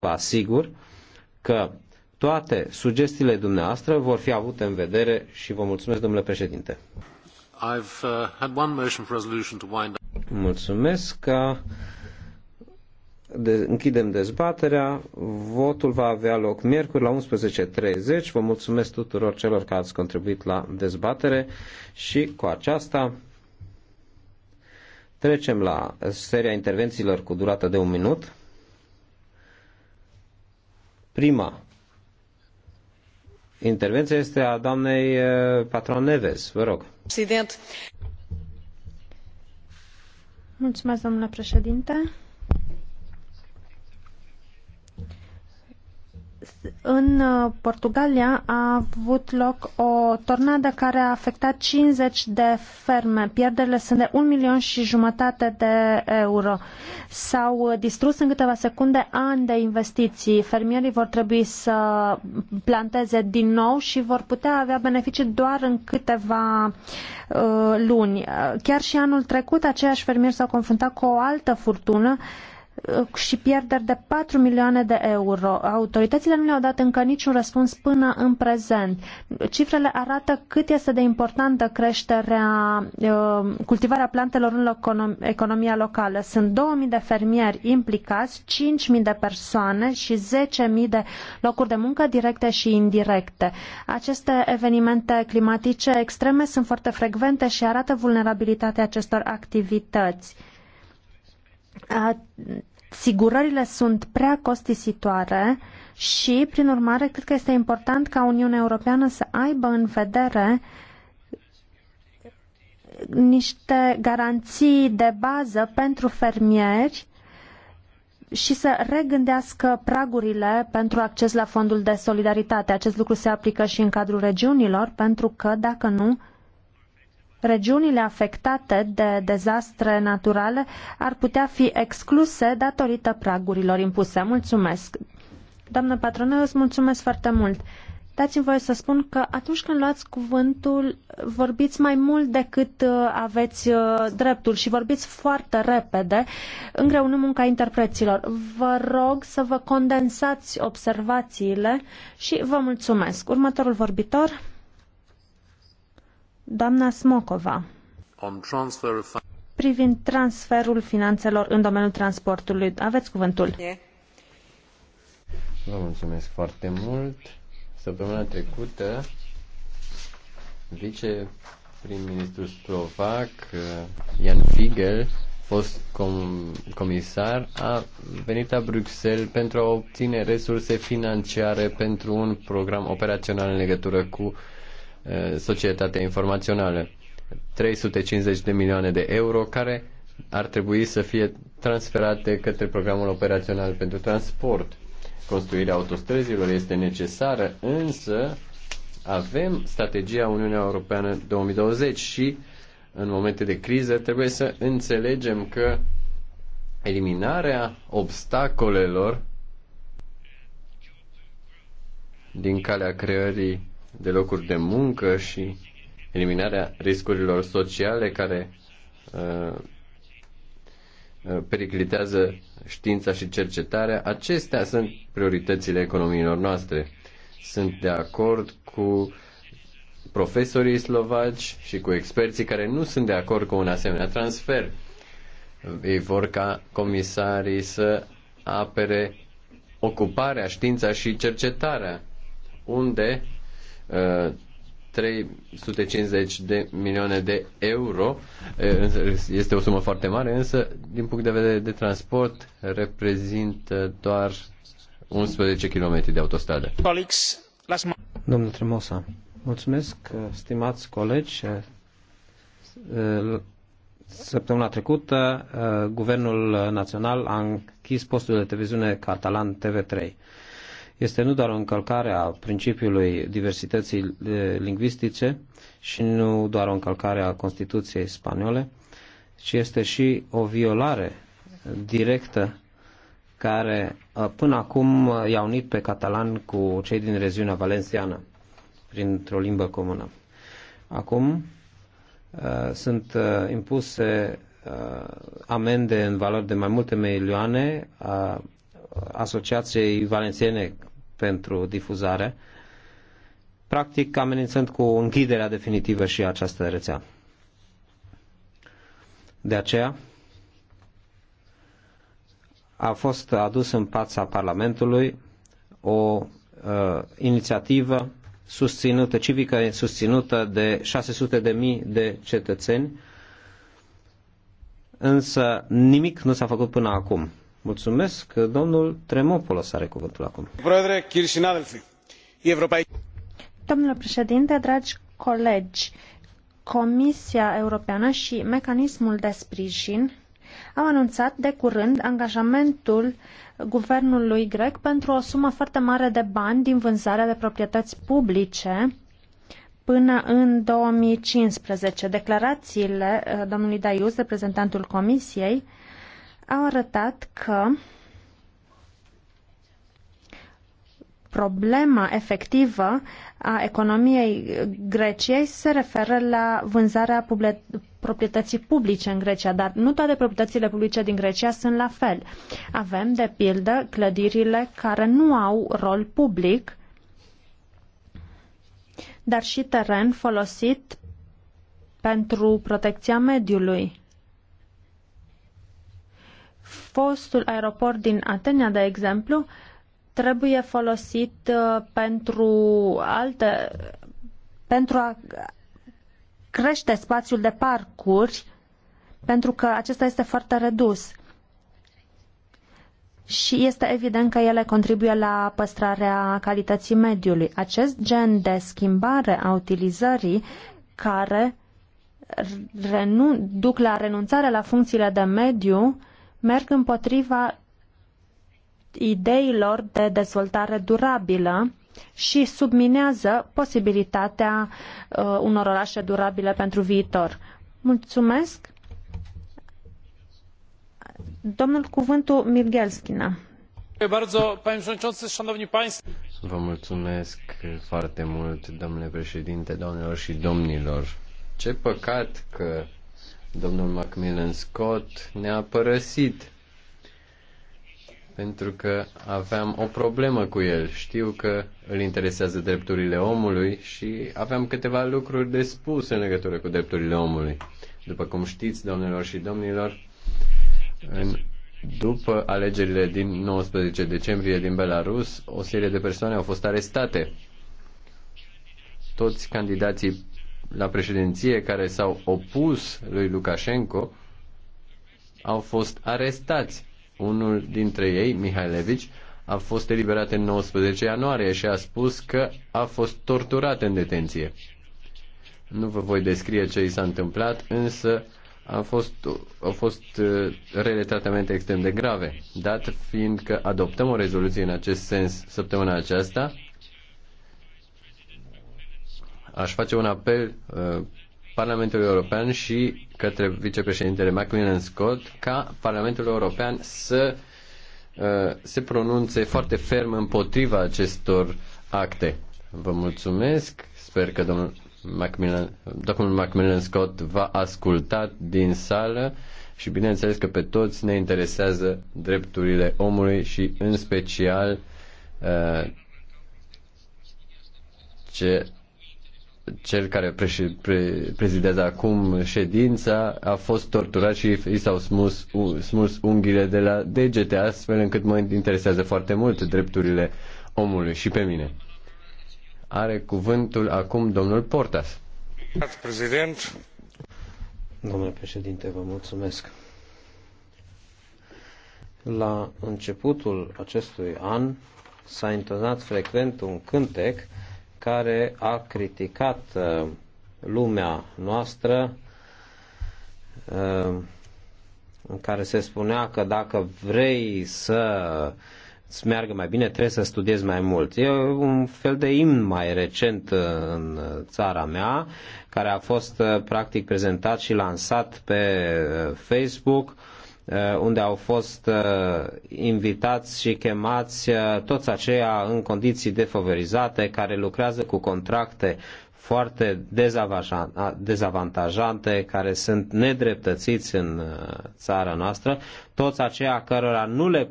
vă asigur că toate sugestiile dumneavoastră vor fi avute în vedere și vă mulțumesc, domnule președinte. I've, uh, had one motion for resolution to wind up. Mulțumesc că de, închidem dezbaterea. Votul va avea loc miercuri la 11.30. Vă mulțumesc tuturor celor care ați contribuit la dezbatere și cu aceasta trecem la seria intervențiilor cu durată de un minut. Prima intervenție este a doamnei eh, patron Neves. Vă rog. Mulțumesc, domnule președinte. în uh, Portugalia a avut loc o tornadă care a afectat 50 de ferme. Pierderile sunt de 1 milion și jumătate de euro. S-au uh, distrus în câteva secunde ani de investiții. Fermierii vor trebui să planteze din nou și vor putea avea beneficii doar în câteva uh, luni. Uh, chiar și anul trecut aceiași fermieri s-au confruntat cu o altă furtună Uh, și pierderi de 4 milioane de euro. Autoritățile nu le-au dat încă niciun răspuns până în prezent. Cifrele arată cât este de importantă creșterea, uh, cultivarea plantelor în economia locală. Sunt 2000 de fermieri implicați, 5000 de persoane și 10.000 de locuri de muncă directe și indirecte. Aceste evenimente climatice extreme sunt foarte frecvente și arată vulnerabilitatea acestor activități asigurările sunt prea costisitoare și, prin urmare, cred că este important ca Uniunea Europeană să aibă în vedere niște garanții de bază pentru fermieri și să regândească pragurile pentru acces la fondul de solidaritate. Acest lucru se aplică și în cadrul regiunilor, pentru că, dacă nu, regiunile afectate de dezastre naturale ar putea fi excluse datorită pragurilor impuse. Mulțumesc! Doamnă patronă, îți mulțumesc foarte mult! Dați-mi voie să spun că atunci când luați cuvântul, vorbiți mai mult decât uh, aveți uh, dreptul și vorbiți foarte repede, îngreunând munca interpreților. Vă rog să vă condensați observațiile și vă mulțumesc. Următorul vorbitor. Doamna Smokova. Privind transferul finanțelor în domeniul transportului, aveți cuvântul. Vă mulțumesc foarte mult. Săptămâna trecută, vice prim-ministru slovac uh, Jan Figel, fost com- comisar, a venit la Bruxelles pentru a obține resurse financiare pentru un program operațional în legătură cu uh, Uh, societatea informațională. 350 de milioane de euro care ar trebui să fie transferate către programul operațional pentru transport. Construirea autostrăzilor este necesară, însă avem strategia Uniunea Europeană 2020 și în momente de criză trebuie să înțelegem că eliminarea obstacolelor din calea creării de locuri de muncă și eliminarea riscurilor sociale care uh, uh, periclitează știința și cercetarea, acestea sunt prioritățile economiilor noastre. Sunt de acord cu profesorii slovaci și cu experții care nu sunt de acord cu un asemenea transfer. Ei vor ca comisarii să apere ocuparea, știința și cercetarea, unde 350 uh, de milioane de euro. Uh, este o sumă foarte mare, însă, din punct de vedere de transport, reprezintă doar 11 km de autostradă. Domnul Tremosa, mulțumesc, uh, stimați colegi. Săptămâna trecută, Guvernul Național a închis postul de televiziune catalan TV3 este nu doar o încălcare a principiului diversității eh, lingvistice și nu doar o încălcare a Constituției spaniole, ci este și o violare directă care eh, până acum eh, i-a unit pe catalan cu cei din regiunea valențiană printr-o limbă comună. Acum sunt impuse amende în valori de mai multe milioane Asociației Valențiene pentru difuzare, practic amenințând cu închiderea definitivă și această rețea. De aceea a fost adus în fața Parlamentului o uh, inițiativă susținută, civică susținută de 600.000 de de cetățeni, însă nimic nu s-a făcut până acum. Mulțumesc. Domnul Tremopolos are cuvântul acum. Domnule președinte, dragi colegi, Comisia Europeană și mecanismul de sprijin au anunțat de curând angajamentul guvernului grec pentru o sumă foarte mare de bani din vânzarea de proprietăți publice până în 2015. Declarațiile eh, domnului Daius, reprezentantul Comisiei, au arătat că problema efectivă a economiei Greciei se referă la vânzarea proprietății publice în Grecia, dar nu toate proprietățile publice din Grecia sunt la fel. Avem, de pildă, clădirile care nu au rol public, dar și teren folosit pentru protecția mediului fostul aeroport din Atena, de exemplu, trebuie folosit uh, pentru alte pentru a crește spațiul de parcuri pentru că acesta este foarte redus. Și este evident că ele contribuie la păstrarea calității mediului. Acest gen de schimbare a utilizării care renun- duc la renunțarea la funcțiile de mediu merg împotriva ideilor de dezvoltare durabilă și subminează posibilitatea uh, unor orașe durabile pentru viitor. Mulțumesc. Domnul cuvântul Mirgelschina. Vă mulțumesc foarte mult, domnule președinte, doamnelor și domnilor. Ce păcat că domnul Macmillan Scott ne-a părăsit pentru că aveam o problemă cu el. Știu că îl interesează drepturile omului și aveam câteva lucruri de spus în legătură cu drepturile omului. După cum știți, domnilor și domnilor, în, după alegerile din 19 decembrie din Belarus, o serie de persoane au fost arestate. Toți candidații la președinție care s-au opus lui Lukashenko au fost arestați. Unul dintre ei, Mihailevici, a fost eliberat în 19 ianuarie și a spus că a fost torturat în detenție. Nu vă voi descrie ce i s-a întâmplat, însă a fost, au fost uh, rele tratamente extrem de grave, dat fiind că adoptăm o rezoluție în acest sens săptămâna aceasta, aș face un apel uh, Parlamentului European și către vicepreședintele McLean Scott ca Parlamentul European să uh, se pronunțe foarte ferm împotriva acestor acte. Vă mulțumesc, sper că domnul Macmillan, domnul Macmillan Scott va asculta din sală și bineînțeles că pe toți ne interesează drepturile omului și în special uh, ce cel care pre- pre- prezidează acum ședința a fost torturat și i s-au smuls, smus unghiile de la degete, astfel încât mă interesează foarte mult drepturile omului și pe mine. Are cuvântul acum domnul Portas. Prezident. Domnule președinte, vă mulțumesc. La începutul acestui an s-a intonat frecvent un cântec care a criticat uh, lumea noastră uh, în care se spunea că dacă vrei să îți meargă mai bine, trebuie să studiezi mai mult. E un fel de imn mai recent uh, în țara mea, care a fost practic prezentat și lansat pe Facebook Uh, unde au fost uh, invitați și chemați uh, toți aceia în condiții defavorizate care lucrează cu contracte foarte dezavantajante, care sunt nedreptățiți în țara noastră, toți aceia cărora nu le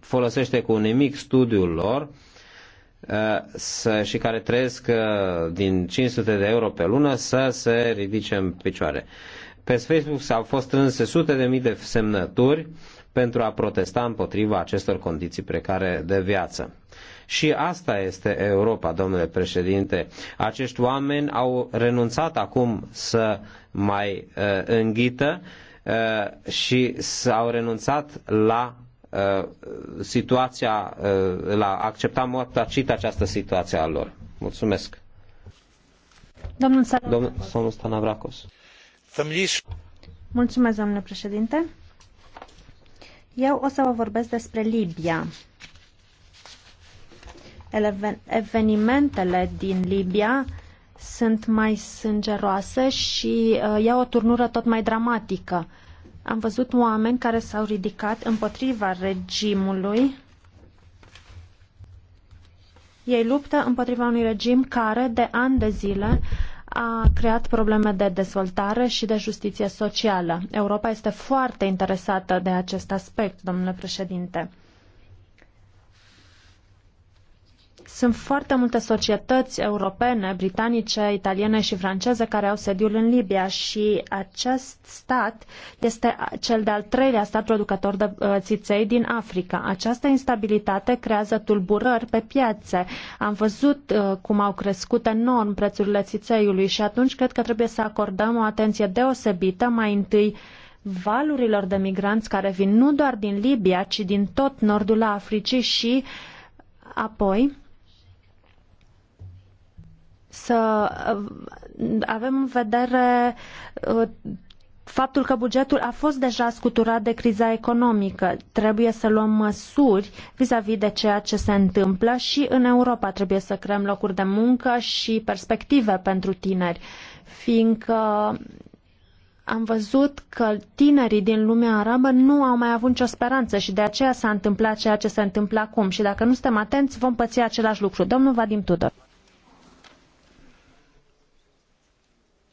folosește cu nimic studiul lor și care trăiesc din 500 de euro pe lună să se ridice în picioare. Pe Facebook s-au fost strânse sute de mii de semnături pentru a protesta împotriva acestor condiții precare de viață. Și asta este Europa, domnule președinte. Acești oameni au renunțat acum să mai uh, înghită uh, și s-au renunțat la uh, situația, uh, la accepta mod tacit această situație a lor. Mulțumesc. Domnul Salavrakos. Domnul Mulțumesc, domnule președinte. Eu o să vă vorbesc despre Libia. Evenimentele din Libia sunt mai sângeroase și uh, iau o turnură tot mai dramatică. Am văzut oameni care s-au ridicat împotriva regimului. Ei luptă împotriva unui regim care, de ani de zile, uh, a creat probleme de dezvoltare și de justiție socială. Europa este foarte interesată de acest aspect, domnule președinte. Sunt foarte multe societăți europene, britanice, italiene și franceze care au sediul în Libia și acest stat este cel de-al treilea stat producător de uh, țiței din Africa. Această instabilitate creează tulburări pe piațe. Am văzut uh, cum au crescut enorm prețurile țițeiului și atunci cred că trebuie să acordăm o atenție deosebită mai întâi valurilor de migranți care vin nu doar din Libia, ci din tot nordul Africii și apoi să avem în vedere uh, faptul că bugetul a fost deja scuturat de criza economică. Trebuie să luăm măsuri vis-a-vis -vis de ceea ce se întâmplă și în Europa trebuie să creăm locuri de muncă și perspective pentru tineri, fiindcă am văzut că tinerii din lumea arabă nu au mai avut nicio speranță și de aceea s-a întâmplat ceea ce se întâmplă acum și dacă nu suntem atenți vom păți același lucru. Domnul Vadim Tudor.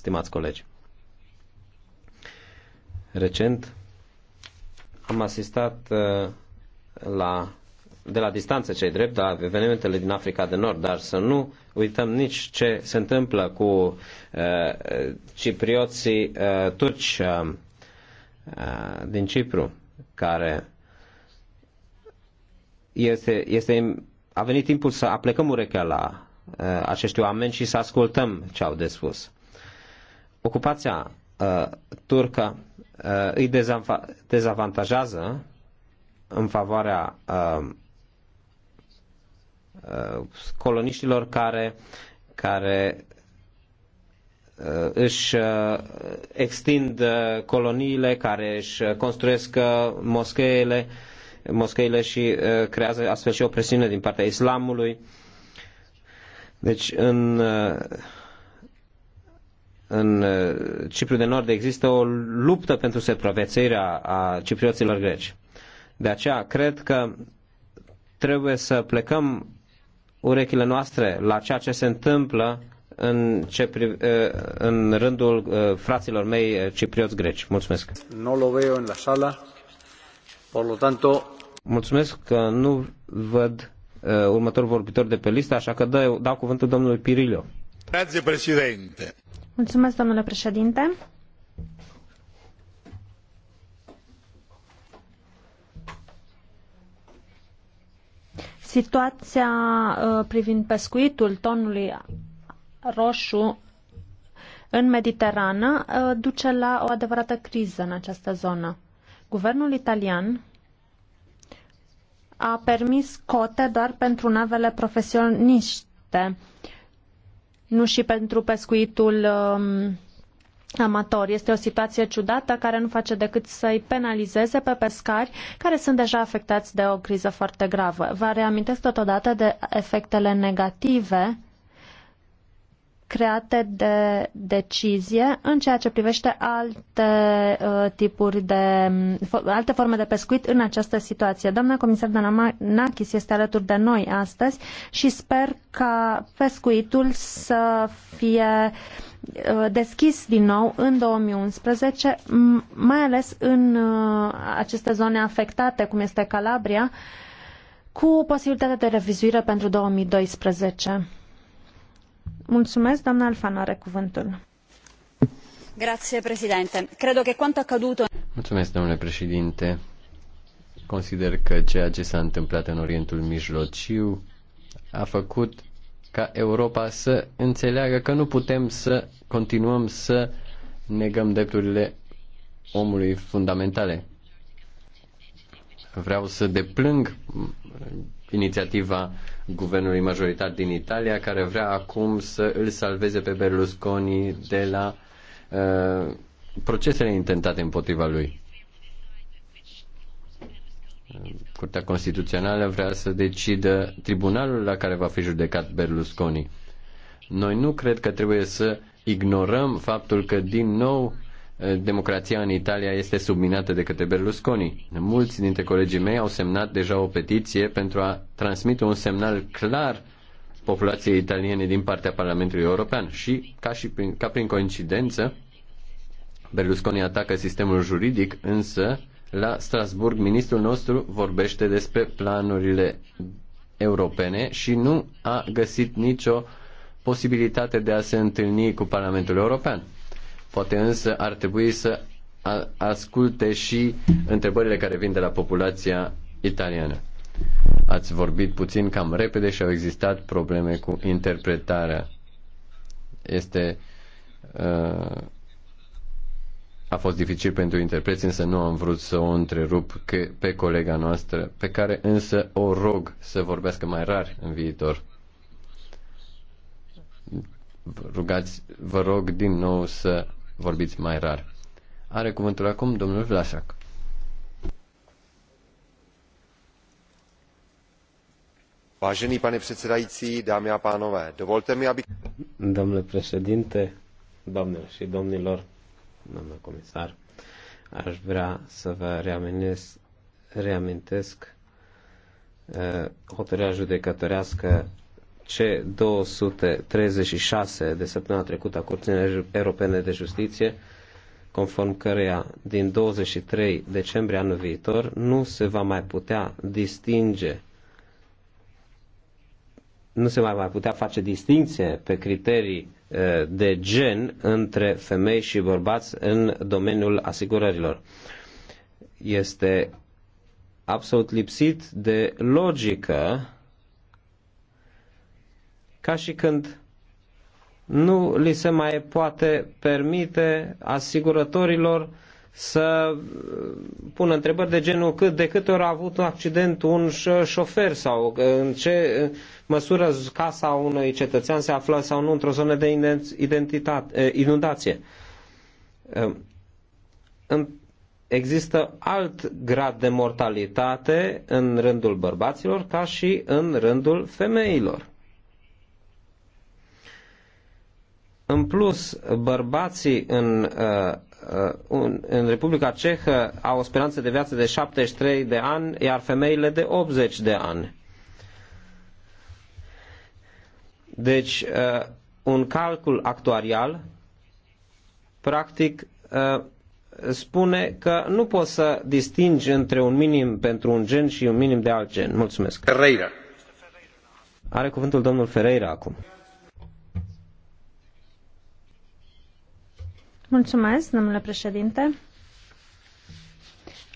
stimați colegi. Recent am asistat uh, la, de la distanță cei drept la evenimentele din Africa de Nord, dar să nu uităm nici ce se întâmplă cu uh, ciprioții uh, turci uh, uh din Cipru, care este, este, a venit timpul să aplecăm urechea la uh, acești oameni și să ascultăm ce au de spus ocupația uh, turcă uh, îi dezavantajează în favoarea uh, uh, coloniștilor care, care uh, își uh, extind uh, coloniile, care își construiesc uh, moscheile, moscheile și uh, creează astfel și o presiune din partea islamului. Deci, în uh, în uh, Cipru de Nord există o luptă pentru supraviețuirea a ciprioților greci. De aceea, cred că trebuie să plecăm urechile noastre la ceea ce se întâmplă în, ce, uh, în rândul uh, fraților mei ciprioți greci. Mulțumesc. No lo veo în la sala. Por lo tanto... Mulțumesc că nu văd următorul vorbitor de pe listă, așa că dau, dau cuvântul domnului Pirilio. Grazie, președinte. Mulțumesc, președinte. Situația uh, privind pescuitul tonului roșu în Mediterană uh, duce la o adevărată criză în această zonă. Guvernul italian a permis cote doar pentru navele profesioniste nu și pentru pescuitul uh, amator. Este o situație ciudată care nu face decât să-i penalizeze pe pescari care sunt deja afectați de o criză foarte gravă. Vă reamintesc totodată de efectele negative create de decizie în ceea ce privește alte uh, tipuri de alte forme de pescuit în această situație. Doamna comisar Danakis este alături de noi astăzi și sper ca pescuitul să fie uh, deschis din nou în 2011, mai ales în uh, aceste zone afectate, cum este Calabria, cu posibilitatea de revizuire pentru 2012. Mulțumesc, doamna quanto accaduto... Mulțumesc, domnule președinte. Consider că ceea ce s-a întâmplat în Orientul Mijlociu a făcut ca Europa să înțeleagă că nu putem să continuăm să negăm drepturile omului fundamentale. Vreau să deplâng inițiativa guvernului majoritar din Italia, care vrea acum să îl salveze pe Berlusconi de la uh, procesele intentate împotriva lui. Curtea Constituțională vrea să decidă tribunalul la care va fi judecat Berlusconi. Noi nu cred că trebuie să ignorăm faptul că din nou democrația în Italia este subminată de către Berlusconi. Mulți dintre colegii mei au semnat deja o petiție pentru a transmite un semnal clar populației italiene din partea Parlamentului European și, ca, și prin, ca prin coincidență, Berlusconi atacă sistemul juridic, însă la Strasburg ministrul nostru vorbește despre planurile europene și nu a găsit nicio posibilitate de a se întâlni cu Parlamentul European Poate însă ar trebui să asculte și întrebările care vin de la populația italiană. Ați vorbit puțin cam repede și au existat probleme cu interpretarea. Este uh, a fost dificil pentru interpreți, însă nu am vrut să o întrerup pe colega noastră, pe care însă o rog să vorbească mai rar în viitor. Rugați, vă rog din nou să vorbiți mai rar. Are cuvântul acum domnul Vlașac. Vážený pane předsedající, dámy a pánové, dovolte mi, aby... Domnule președinte, domnilor și domnilor, domnule comisar, aș vrea să vă reamintesc, reamintesc eh, hotărârea judecătorească C236 de săptămâna trecută a Curții Europene de Justiție, conform căreia din 23 decembrie anul viitor nu se va mai putea distinge nu se mai va putea face distinție pe criterii de gen între femei și bărbați în domeniul asigurărilor. Este absolut lipsit de logică ca și când nu li se mai poate permite asigurătorilor să uh, pună întrebări de genul cât de câte ori a avut un accident un șofer sau uh, în ce uh, măsură casa unui cetățean se află sau nu într-o zonă de inundație. Există alt grad de mortalitate în rândul bărbaților ca și în rândul femeilor. În plus, bărbații în, uh, uh, în Republica Cehă au o speranță de viață de 73 de ani, iar femeile de 80 de ani. Deci, uh, un calcul actuarial, practic, spune că nu poți să distingi între un minim pentru un gen și un minim de alt gen. Mulțumesc. Ferreira. Are cuvântul domnul Ferreira acum. Mulțumesc, domnule președinte.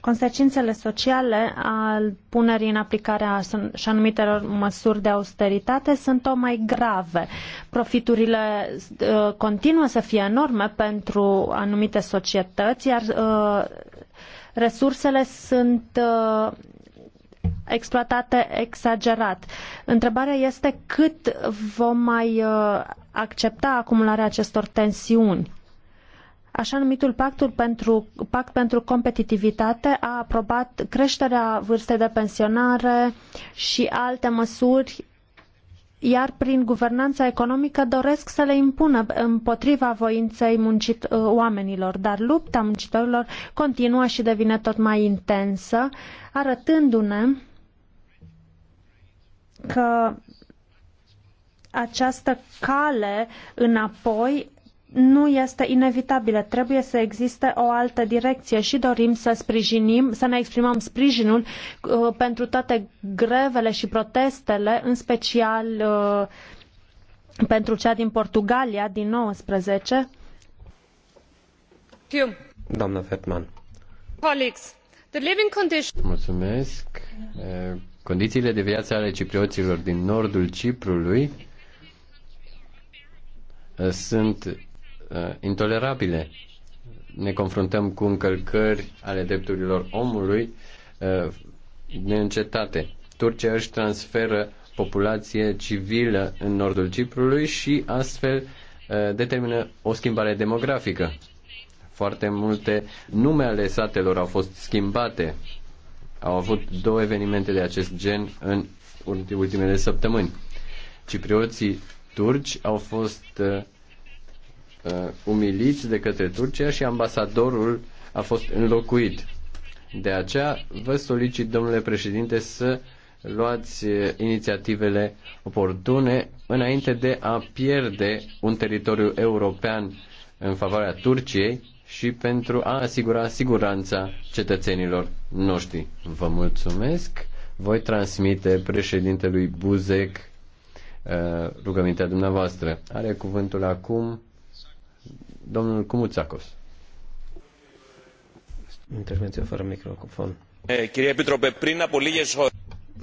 Consecințele sociale al punerii în aplicare a și anumitelor măsuri de austeritate sunt o mai grave. Profiturile uh, continuă să fie enorme pentru anumite societăți, iar uh, resursele sunt uh, exploatate exagerat. Întrebarea este cât vom mai uh, accepta acumularea acestor tensiuni. Așa numitul pactul pentru, Pact pentru Competitivitate a aprobat creșterea vârstei de pensionare și alte măsuri iar prin guvernanța economică doresc să le impună împotriva voinței muncit, uh, oamenilor. Dar lupta muncitorilor continuă și devine tot mai intensă, arătându-ne că această cale înapoi nu este inevitabilă. Trebuie să existe o altă direcție și dorim să sprijinim, să ne exprimăm sprijinul uh, pentru toate grevele și protestele, în special uh, pentru cea din Portugalia din 19. Doamna Fertman. Colleagues, the living Mulțumesc. Condițiile de viață ale ciprioților din nordul Ciprului sunt Uh, intolerabile. Ne confruntăm cu încălcări ale drepturilor omului uh, neîncetate. Turcia își transferă populație civilă în nordul Ciprului și astfel uh, determină o schimbare demografică. Foarte multe nume ale satelor au fost schimbate. Au avut două evenimente de acest gen în ultimele săptămâni. Ciprioții turci au fost uh, umiliți de către Turcia și ambasadorul a fost înlocuit. De aceea vă solicit, domnule președinte, să luați uh, inițiativele oportune înainte de a pierde un teritoriu european în favoarea Turciei și pentru a asigura siguranța cetățenilor noștri. Vă mulțumesc. Voi transmite președintelui Buzek uh, rugămintea dumneavoastră. Are cuvântul acum Domnul Cumuțacos. Intervenție fără microfon. Eh,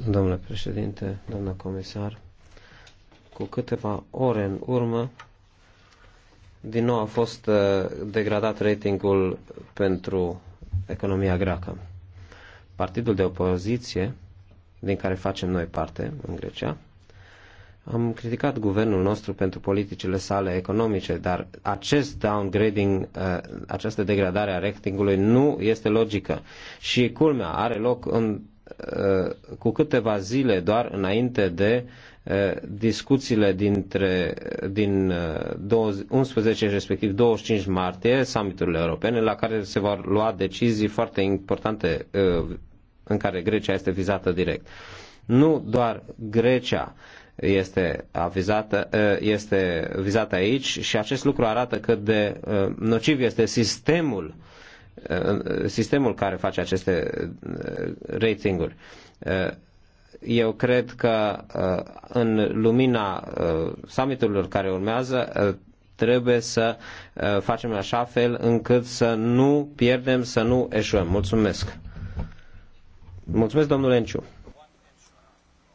Domnule președinte, doamna comisar, cu câteva ore în urmă, din nou a fost eh, degradat ratingul pentru economia greacă. Partidul de opoziție, din care facem noi parte în Grecia, am criticat guvernul nostru pentru politicile sale economice, dar acest downgrading, uh, această degradare a ratingului nu este logică. Și culmea are loc în, uh, cu câteva zile doar înainte de uh, discuțiile dintre, din 11 respectiv 25 martie, summiturile europene, la care se vor lua decizii foarte importante în care Grecia este vizată direct. Nu doar Grecia este, avizată, eh, este vizată aici și acest lucru arată cât de eh, nociv este sistemul eh, sistemul care face aceste ratinguri. Eu cred că în lumina summiturilor care urmează trebuie să facem așa fel încât să nu pierdem, să nu eșuăm. Mulțumesc. Mulțumesc, domnule Enciu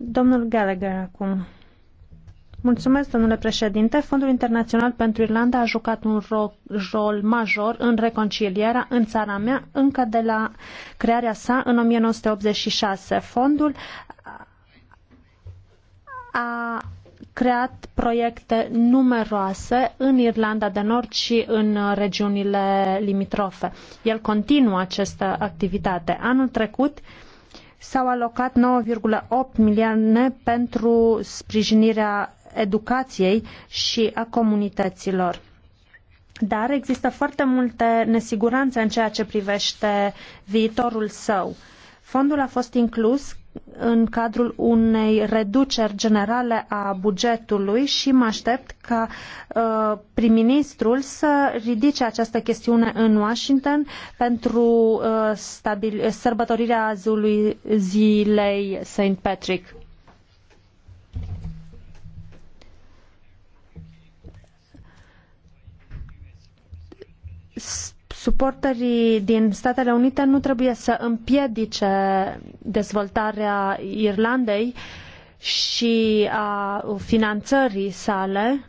Domnul Gallagher acum. Mulțumesc, domnule președinte. Fondul Internațional pentru Irlanda a jucat un rol major în reconcilierea în țara mea încă de la crearea sa în 1986. Fondul a creat proiecte numeroase în Irlanda de Nord și în regiunile limitrofe. El continuă această activitate. Anul trecut, uh, s-au alocat 9,8 milioane pentru sprijinirea educației și a comunităților. Dar există foarte multe nesiguranțe în ceea ce privește viitorul său. Fondul a fost inclus în cadrul unei reduceri generale a bugetului și mă aștept ca uh, prim-ministrul să ridice această chestiune în Washington pentru uh, stabil- sărbătorirea zilei St. Patrick. S Suporterii din Statele Unite nu trebuie să împiedice dezvoltarea Irlandei și a finanțării sale.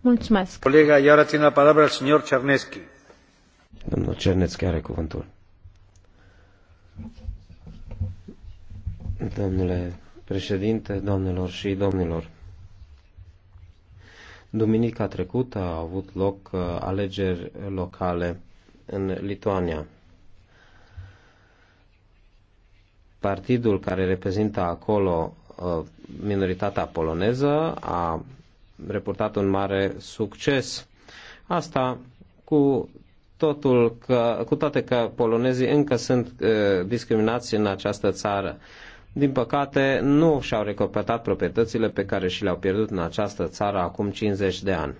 Mulțumesc. Colega, iar țin la palabra al signor Cerneschi. Domnul Cerneschi are cuvântul. Domnule președinte, domnilor și domnilor, Duminica trecută au avut loc uh, alegeri locale în Lituania. Partidul care reprezintă acolo uh, minoritatea poloneză a reportat un mare succes. Asta cu totul că, cu toate că polonezii încă sunt uh, discriminați în această țară din păcate, nu și-au recuperat proprietățile pe care și le-au pierdut în această țară acum 50 de ani.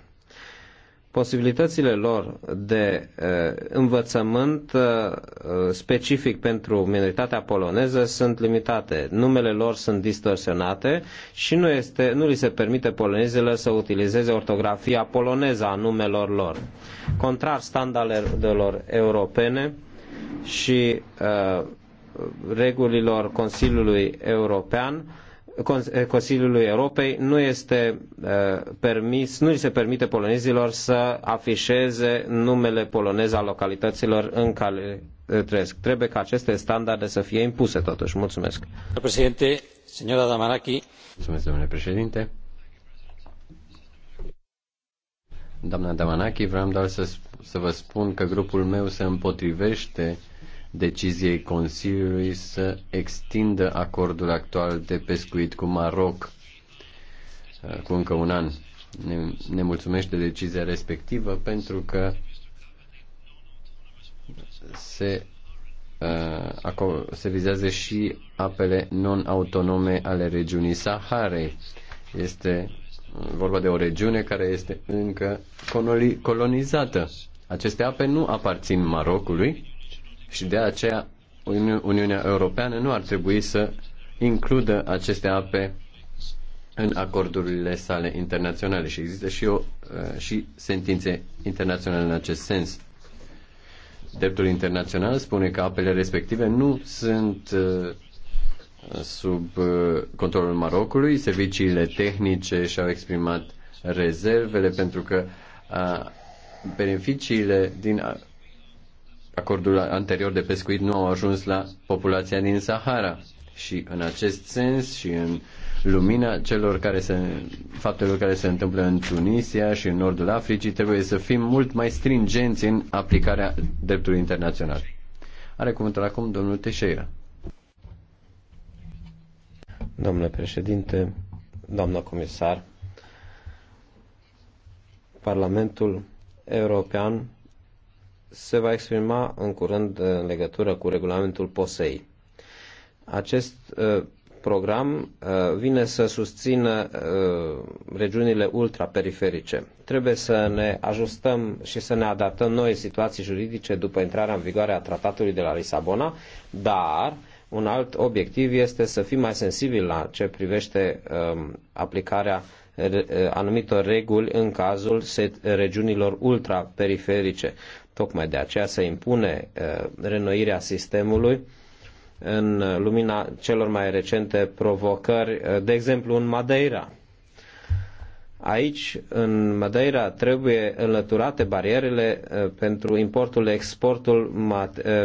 Posibilitățile lor de uh, învățământ uh, specific pentru minoritatea poloneză sunt limitate. Numele lor sunt distorsionate și nu, este, nu li se permite polonezilor să utilizeze ortografia poloneză a numelor lor. Contrar standardelor europene și uh, regulilor Consiliului European, eh, Consiliului Europei, nu este eh, permis, nu li se permite polonezilor să afișeze numele polonez al localităților în care eh, trăiesc. Trebuie ca aceste standarde să fie impuse totuși. Mulțumesc. Președinte, señora Damanaki. Mulțumesc, domnule președinte. Doamna Damanachi, vreau doar să, să vă spun că grupul meu se împotrivește uh, deciziei Consiliului să extindă acordul actual de pescuit cu Maroc uh, cu încă un an. Ne, ne mulțumește de decizia respectivă pentru că se, uh, aco- se vizează și apele non-autonome ale regiunii Saharei. Este vorba de o regiune care este încă colonizată. Aceste ape nu aparțin Marocului, și de aceea Uni Uniunea Europeană nu ar trebui să includă aceste ape în acordurile sale internaționale și există și, o, uh, și sentințe internaționale în acest sens. Dreptul internațional spune că apele respective nu sunt uh, sub uh, controlul Marocului, serviciile tehnice și-au exprimat rezervele pentru că beneficiile din acordul anterior de pescuit nu au ajuns la populația din Sahara. Și în acest sens și în lumina celor care se, faptelor care se întâmplă în Tunisia și în nordul Africii, trebuie să fim mult mai stringenți în aplicarea dreptului internațional. Are cuvântul acum domnul Teixeira. Domnule președinte, doamnă comisar, Parlamentul European se va exprima în curând în legătură cu regulamentul POSEI. Acest uh, program uh, vine să susțină uh, regiunile ultraperiferice. Trebuie să ne ajustăm și să ne adaptăm noi situații juridice după intrarea în vigoare a tratatului de la Lisabona, dar un alt obiectiv este să fim mai sensibili la ce privește um, aplicarea anumitor reguli în cazul regiunilor ultraperiferice. Tocmai de aceea se impune uh, renoirea sistemului în lumina celor mai recente provocări, uh, de exemplu în Madeira. Aici, în Madeira, trebuie înlăturate barierele uh, pentru importul, exportul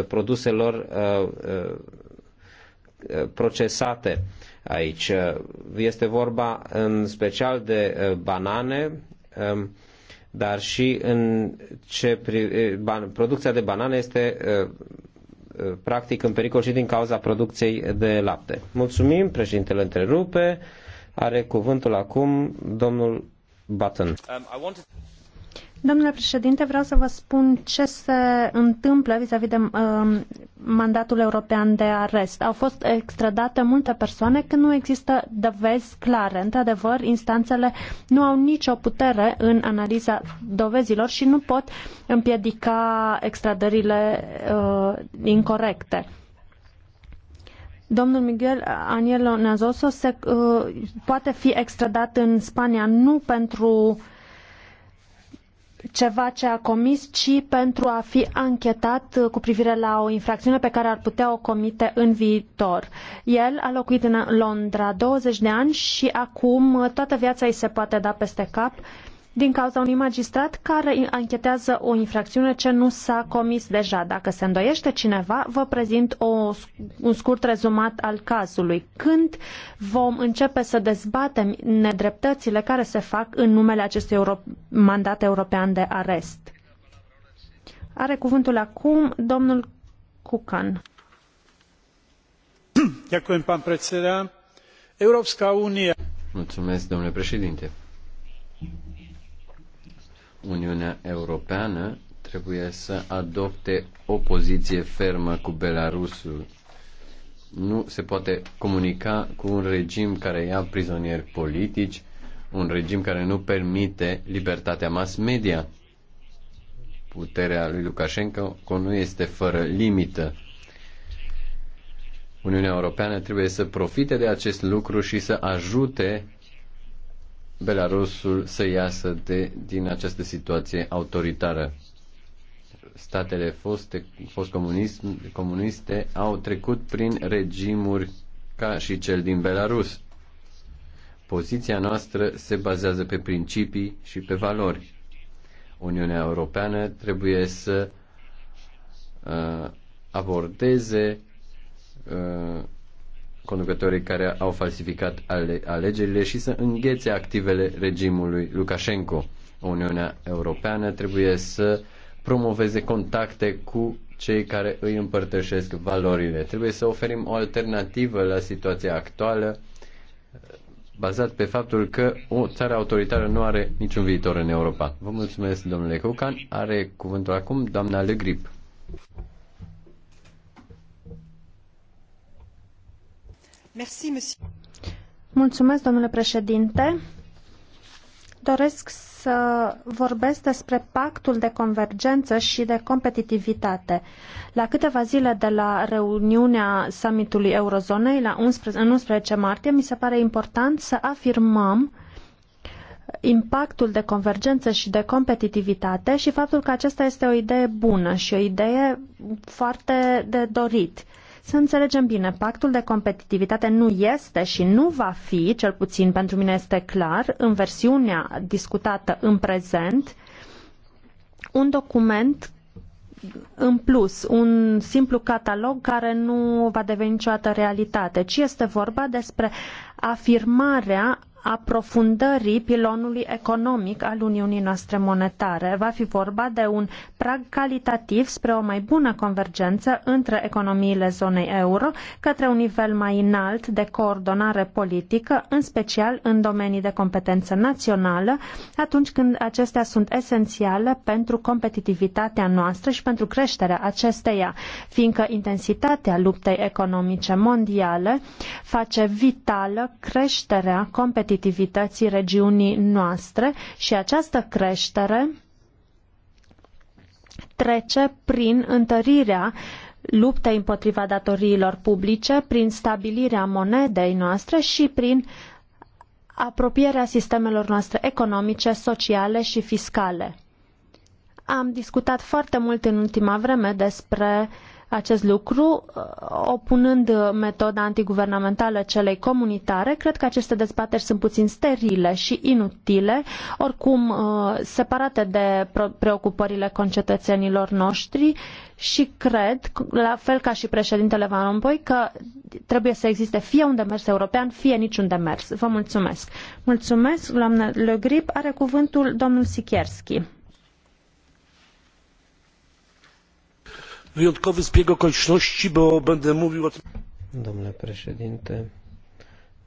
produselor procesate aici. Este vorba în special de banane, um, dar și în ce producția de banane este practic în pericol și din cauza producției de lapte. Mulțumim, președintele întrerupe. Are cuvântul acum domnul Button. Um, Domnule președinte, vreau să vă spun ce se întâmplă vis-a-vis -vis de uh, mandatul european de arest. Au fost extradate multe persoane când nu există dovezi clare. Într-adevăr, instanțele nu au nicio putere în analiza dovezilor și nu pot împiedica extradările uh, incorrecte. Domnul Miguel Anielo Nazoso se, uh, poate fi extradat în Spania nu pentru uh, ceva ce a comis, ci pentru a fi anchetat uh, cu privire la o infracțiune pe care ar putea o comite în viitor. El a locuit în Londra 20 de ani și acum uh, toată viața îi se poate da peste cap din cauza unui magistrat care anchetează o infracțiune ce nu s-a comis deja. Dacă se îndoiește cineva, vă prezint o, un scurt rezumat al cazului. Când vom începe să dezbatem nedreptățile care se fac în numele acestui euro, mandat european de arest? Are cuvântul acum domnul Cucan. Mulțumesc, domnule președinte. Uniunea Europeană trebuie să adopte o poziție fermă cu Belarusul. Nu se poate comunica cu un regim care ia prizonieri politici, un regim care nu permite libertatea mass media. Puterea lui Lukashenko nu este fără limită. Uniunea Europeană trebuie să profite de acest lucru și să ajute Belarusul să iasă de, din această situație autoritară. Statele foste, fost comunism, comuniste au trecut prin regimuri ca și cel din Belarus. Poziția noastră se bazează pe principii și pe valori. Uniunea Europeană trebuie să uh, abordeze uh, conducătorii care au falsificat ale, alegerile și să înghețe activele regimului Lukashenko. Uniunea Europeană trebuie să promoveze contacte cu cei care îi împărtășesc valorile. Trebuie să oferim o alternativă la situația actuală bazat pe faptul că o țară autoritară nu are niciun viitor în Europa. Vă mulțumesc, domnule Cucan. Are cuvântul acum doamna Le Grip. Mulțumesc, domnule președinte. Doresc să vorbesc despre pactul de convergență și de competitivitate. La câteva zile de la reuniunea summitului Eurozonei, la 11, în 11 martie, mi se pare important să afirmăm impactul de convergență și de competitivitate și faptul că aceasta este o idee bună și o idee foarte de dorit. Uh, să înțelegem bine, pactul de competitivitate nu este și nu va fi, cel puțin pentru mine este clar, în versiunea discutată în prezent, un document în plus, un simplu catalog care nu va deveni niciodată realitate, ci este vorba despre afirmarea aprofundării pilonului economic al Uniunii noastre monetare. Va fi vorba de un prag calitativ spre o mai bună convergență între economiile zonei euro către un nivel mai înalt de coordonare politică, în special în domenii de competență națională, atunci când acestea sunt esențiale pentru competitivitatea noastră și pentru creșterea acesteia, fiindcă intensitatea luptei economice mondiale face vitală creșterea competitivității competitivității regiunii noastre și această creștere trece prin întărirea luptei împotriva datoriilor publice, prin stabilirea monedei noastre și prin apropierea sistemelor noastre economice, sociale și fiscale. Am discutat foarte mult în ultima vreme despre acest lucru, uh, opunând metoda antiguvernamentală celei comunitare. Cred că aceste dezbateri sunt puțin sterile și inutile, oricum uh, separate de preocupările concetățenilor noștri și cred, la fel ca și președintele Van Rompuy, că trebuie să existe fie un demers european, fie niciun demers. Vă mulțumesc. Mulțumesc, doamnă Le Grip. Are cuvântul domnul Sikierski. wyjątkowy zbieg okoliczności, bo będę mówił o tym. Domnule președinte,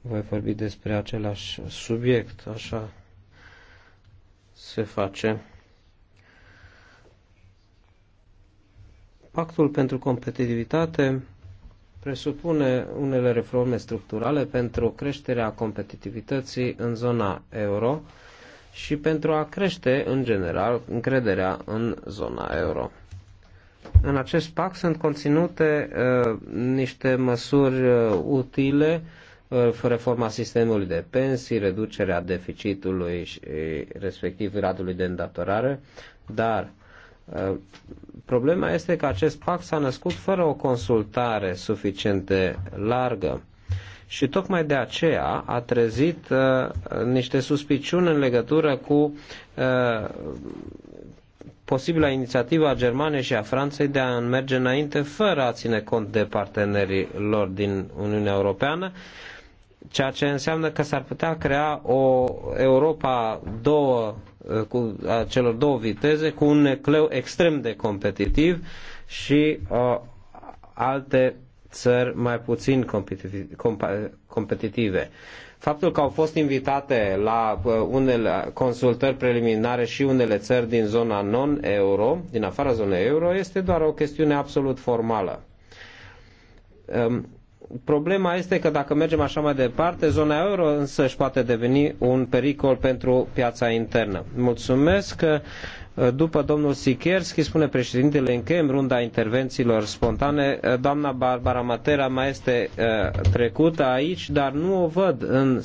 voi vorbi despre același subiect, așa se face. Pactul pentru competitivitate presupune unele reforme structurale pentru creșterea competitivității în zona euro și pentru a crește, în general, încrederea în zona euro. În acest pact sunt conținute uh, niște măsuri uh, utile, uh, reforma sistemului de pensii, reducerea deficitului și respectiv gradului de îndatorare, dar uh, problema este că acest pact s-a născut fără o consultare suficient de largă și tocmai de aceea a trezit uh, niște suspiciuni în legătură cu uh, posibilă inițiativă a Germaniei și a Franței de a merge înainte fără a ține cont de partenerii lor din Uniunea Europeană, ceea ce înseamnă că s-ar putea crea o Europa două, eh, cu, a celor două viteze, cu un necleu extrem de competitiv și uh, alte țări mai puțin competitive. Faptul că au fost invitate la uh, unele consultări preliminare și unele țări din zona non-euro, din afara zonei euro, este doar o chestiune absolut formală. Um, problema este că dacă mergem așa mai departe, zona euro însă își poate deveni un pericol pentru piața internă. Mulțumesc. Uh, Eh, după domnul Sikierski, spune președintele, încheiem runda intervențiilor spontane. Eh, doamna Barbara Matera mai este eh, trecută aici, dar nu o văd în